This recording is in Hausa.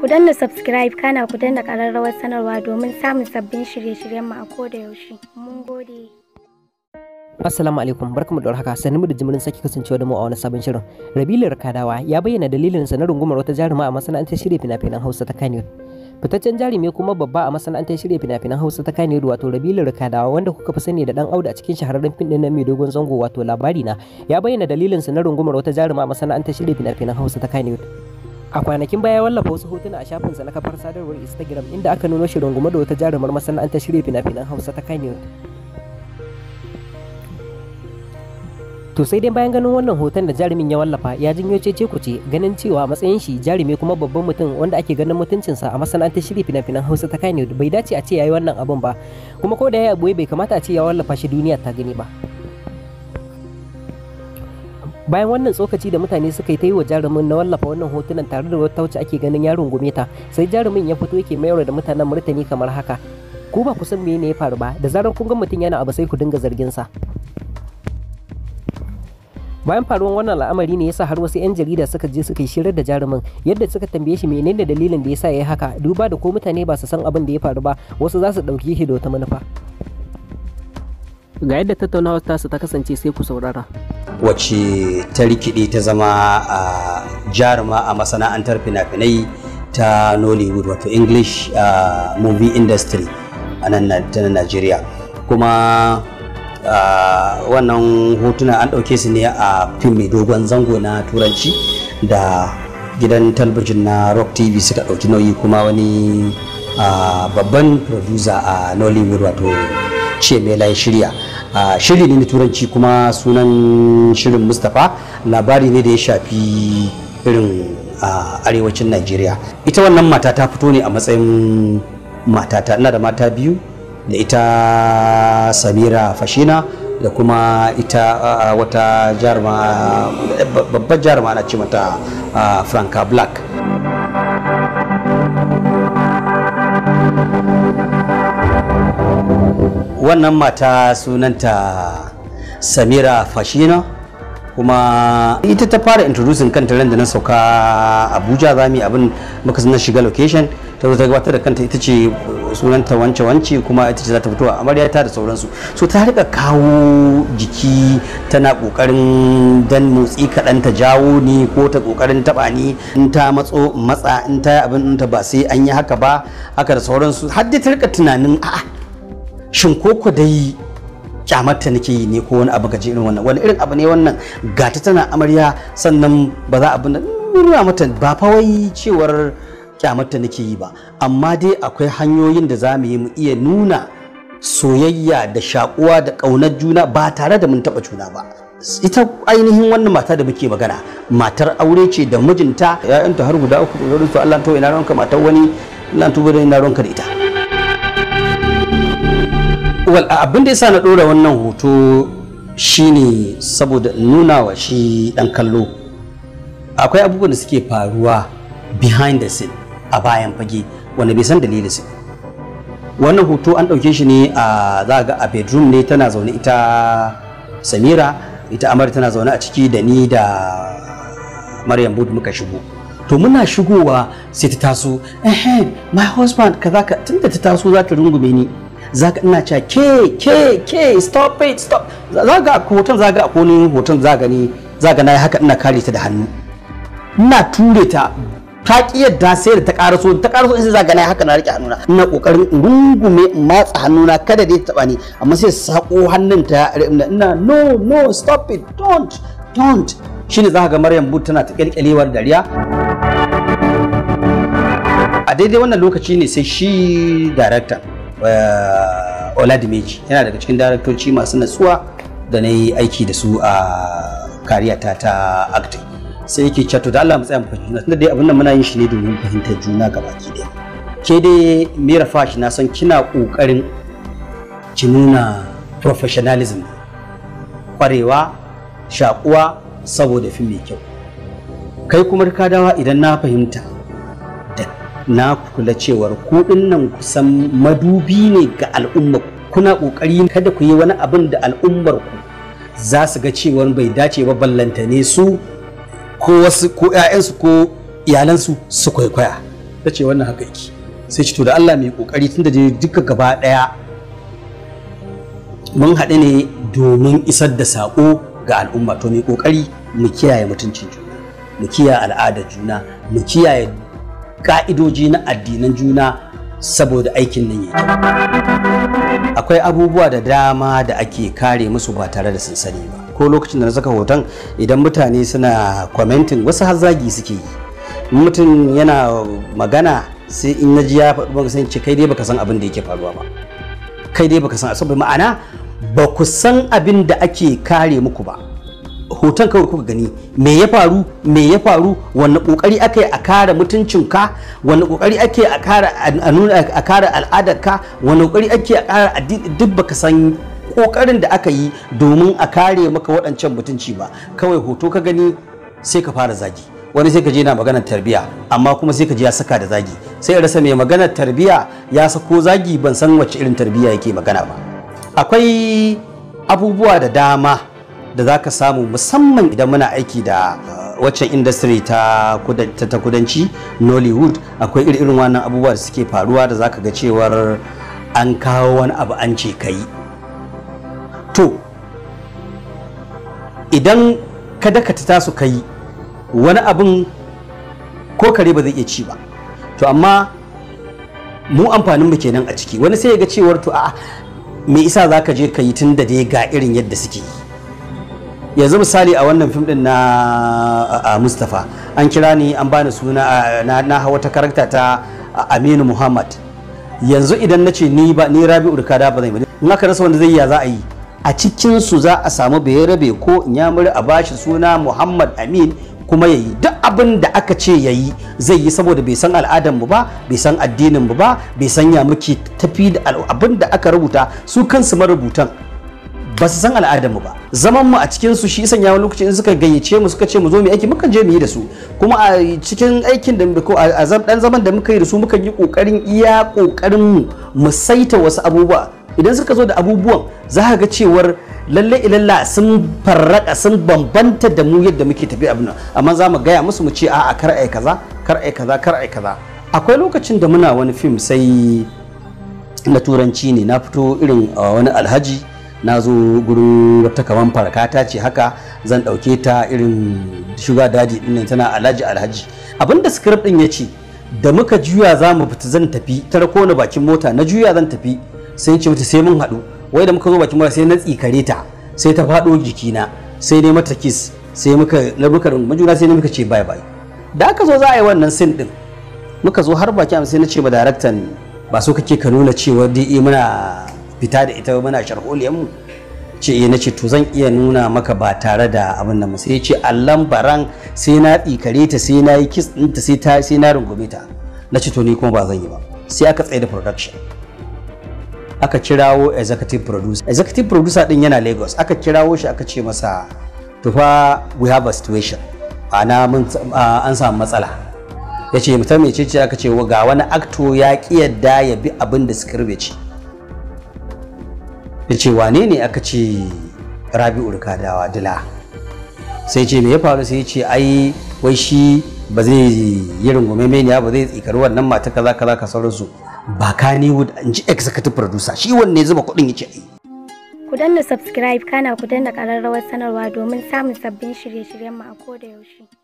Ku danna subscribe kana ku danna ƙararrawar sanarwa domin samun sabbin shirye-shiryenmu a koda yaushe. Mun gode. Assalamu alaikum barkamu da warhaka sannu da jimirin sake kasancewa da mu a wani sabon shirin. Rabilar Kadawa ya bayyana dalilin sa na rungumar wata jaruma a masana'antar shirya fina-finan Hausa ta Kano. Fitaccen jarumi kuma babba a masana'antar shirya fina-finan Hausa ta Kano wato Rabilar Kadawa wanda kuka fi sani da dan auda a cikin shahararren fim din mai dogon zango wato labari na ya bayyana dalilin sa na rungumar wata jaruma a masana'antar shirya fina-finan Hausa ta Kano. a kwanakin baya wallafa wasu hotuna a shafinsa na kafar sadarwar instagram inda aka nuno shi rungume da wata jarumar masana'antar shirya fina-finan hausa ta kanyar to sai dai bayan ganin wannan hoton da jarumin ya wallafa ya ce cece ce ganin cewa matsayin shi jarumi kuma babban mutum wanda ake ganin mutuncinsa a masana'antar shirya fina-finan hausa ta kanyar bai dace a ce ya yi wannan abun ba kuma ko da ya yi bai kamata a ce ya wallafa shi duniya ta gani ba bayan wannan tsokaci da mutane suka yi ta yi wa jarumin na wallafa wannan hotunan tare da wata wacce ake ganin yaron gume ta sai jarumin ya fito yake mayar da mutanen murtani kamar haka ko ba ku san ne ya faru ba da zarar kun ga mutum yana abu sai ku dinga zargin sa bayan faruwan wannan al'amari ne yasa har wasu 'yan jarida suka je suka shirar da jarumin yadda suka tambaye shi menene dalilin da yasa ya yi haka duba da ko mutane ba su san abin da ya faru ba wasu za su ɗauki shi da wata manufa ga yadda tattaunawar tasu ta kasance sai ku saurara Wace ta rikide ta zama a jaruma a masana'antar fina-finai ta nollywood wato english movie industry a nan ta najeriya kuma wannan hotuna an ɗauke su ne a fim mai dogon zango na turanci da gidan talbijin na rock tv suka ɗauki nauyi kuma wani babban producer a nollywood wato ce mai shirya shiri ne na turanci kuma sunan shirin mustapha labari ne da ya shafi irin arewacin najeriya ita wannan mata ta fito ne a matsayin matata ina da mata biyu da ita samira fashina da kuma ita wata jarma babbar jarma ana ce mata franka black wannan mata sunanta samira fashina kuma ita ta fara introducing kanta ran da na sauka abuja za mu abin muka na shiga location ta zo ta gabatar da kanta ita ce sunanta wance wance kuma ita ce za ta fito a amarya ta da sauransu so ta rika kawo jiki tana kokarin dan motsi kaɗan ta jawo ni ko ta kokarin taɓa ni in ta matso matsa in ta yi abin ta ba sai an yi haka ba haka da sauransu har dai ta rika tunanin a'a shin ko ku dai kyamarta nake yi ne ko wani abu gaji irin wannan wani irin abu ne wannan gata tana amarya sannan ba za a bin nuna mata ba fa wai cewar kyamarta nake yi ba amma dai akwai hanyoyin da za mu yi mu iya nuna soyayya da shakuwa da ƙaunar juna ba tare da mun taɓa juna ba ita ainihin wannan mata da muke magana matar aure ce da mijinta ya'yanta har guda uku da su Allah to ina ranka matar wani Allah to na ranka da ita A abin da ya sa na ɗora wannan hoto shine saboda nuna wa shi ɗan kallo akwai abubuwan da suke faruwa behind the scene a bayan fage wanda bai san dalilin su wannan hoto an ɗauke shi ne a za ga a bedroom ne tana zaune ita samira ita amar tana zaune a ciki da ni da maryam bud muka shigo to muna shigowa sai ta taso eh my husband kaza ka tunda ta taso za ta rungume ni za ka ina cewa ke ke ke stop it stop za ga hoton za ga wani hoton za gani za ga na haka ina kare ta da hannu ina ture ta ta ki yadda sai da ta karaso ta karaso sai za ga na haka na rike hannuna ina kokarin rungume in matsa hannuna kada dai ta taba ni amma sai sako hannun ta ina no no stop it don't don't shine za ka ga Maryam Bud tana ta kirkirewar dariya a daidai wannan lokaci ne sai shi director Eh, Oladimeji yana daga cikin daraktoci masu natsuwa da na yi aiki da su a kariya ta ta sai yake cewa da Allah mu tsaya mu fahimci juna tunda dai abin nan muna yin shi ne domin fahimtar juna gabaki ɗaya ke dai Mira shi na san kina kokarin ki nuna professionalism kwarewa shaƙuwa, saboda fim mai kyau kai kuma ka dawa idan na fahimta na kula cewar kuɗin nan kusan madubi ne ga al'ummar kuna ƙoƙari kada ku yi wani abin da al'ummar ku za su ga cewar bai dace ba ballantane su ko wasu ko ƴaƴansu ko iyalansu su kwaikwaya ta ce wannan haka yake sai ci to da Allah mai kokari tun da duka gaba ɗaya. mun haɗu ne domin isar da sako ga al'umma to mai kokari mu kiyaye mutuncin juna mu kiyaye al'adar juna mu kiyaye ka'idoji na addinan juna saboda aikin nan yake akwai abubuwa da dama da ake kare musu ba tare da sansani ba ko lokacin da na saka hoton idan mutane suna kwamentin wasu har suke yi mutum yana magana sai in na ji ya faɗi ba san kai dai baka san abin da yake faruwa ba kai dai baka san saboda ma'ana ba ku san abin da ake kare muku ba hoton kawai kuka gani me ya faru me ya faru wanne kokari ake a a kare mutuncinka wanne kokari ake a kare a nuna a kare al'adarka wanne kokari ake a kare duk baka san kokarin da aka yi domin a kare maka waɗancan mutunci ba kawai hoto ka gani sai ka fara zagi wani sai ka je na maganar tarbiya amma kuma sai ka je ya saka da zagi sai rasa mai maganar tarbiyya ya sako zagi ban san wacce irin tarbiyya yake magana ba akwai abubuwa da dama da za ka samu musamman idan muna aiki da uh, waccan industry ta kudanci nollywood akwai irin wannan abubuwa da suke faruwa da za ka ga cewar an kawo wani abu an ce ka yi to idan ka dakata tasu ka yi wani abin ko kare ba zai iya ci ba to amma mu amfanin mu kenan a ciki wani sai ya ga cewar to a me isa za ka je ka yi tun da dai ga irin yadda suke yi yanzu misali a wannan fim din na mustapha an kira ni an bani suna na hawa ta karakta ta aminu muhammad yanzu idan na ce ni ba ni rabi'u da ba zai in aka rasa wanda zai ya za a yi a cikin su za a samu bayarabe ko nyamuri a bashi suna muhammad amin kuma ya yi duk abin da aka ce ya yi zai yi saboda bai san al'adar mu ba bai san addinin mu ba bai san ya muke tafi da abin da aka rubuta su kansu marubutan ba su san al'adar mu ba zaman mu a cikin su shi sanya wani lokaci in suka gayyace mu suka ce mu zo mu aiki muka je mu yi da su kuma a cikin aikin da ko a dan zaman da muka yi da su muka yi kokarin iya kokarin mu mu saita wasu abubuwa idan suka zo da abubuwan za ka ga cewar lalle ilalla sun farraka sun bambanta da mu yadda muke tafi abin nan amma za mu gaya musu mu ce a'a kar ai kaza kar ai kaza kar ai kaza akwai lokacin da muna wani fim sai na turanci ne na fito irin wani alhaji na zo gurin wata kaman ta ce haka zan ɗauke ta irin shuga daji dinnan tana alhaji alhaji abinda script din ya ce da muka juya za mu fita zan tafi ta rako ni bakin mota na juya zan tafi sai ce mata sai mun haɗu wai da muka zo bakin mota sai na tsikare ta sai ta faɗo jikina sai dai mata kiss sai muka na muka majuna sai muka ce bye bye da aka zo za a yi wannan sin din muka zo har bakin sai na ce ma daraktan ba so kake ka nuna cewa dai eh muna fita da ita muna sharholiyan mu ce eh, na ce to zan iya nuna maka ba tare da abin nan sai ce allan baran sai na tsikare ta sai na yi kis ɗinta sai ta sai na rungume ta na ce to ni kuma ba zan yi ba sai aka tsaye da production aka kirawo executive producer executive producer din yana lagos aka kirawo shi aka ce masa tufa we have a situation ana mun an samu matsala ya ce mutum ce aka ce ga wani acto ya ƙi yadda ya bi abin da script ya ce ya ce wane ne aka ce rabi'ul kadawa dila sai ce me ya faru sai ce ai wai shi ba zai yi rungume meniya ba zai tsikari wannan mata kaza kaza ka sauransu ba kaniwood in ji executive producer shi wanne zuba kuɗin ya ce ai ku danna subscribe kana ku danna ƙararrawar sanarwa domin samun sabbin shirye-shiryen mu a koda yaushe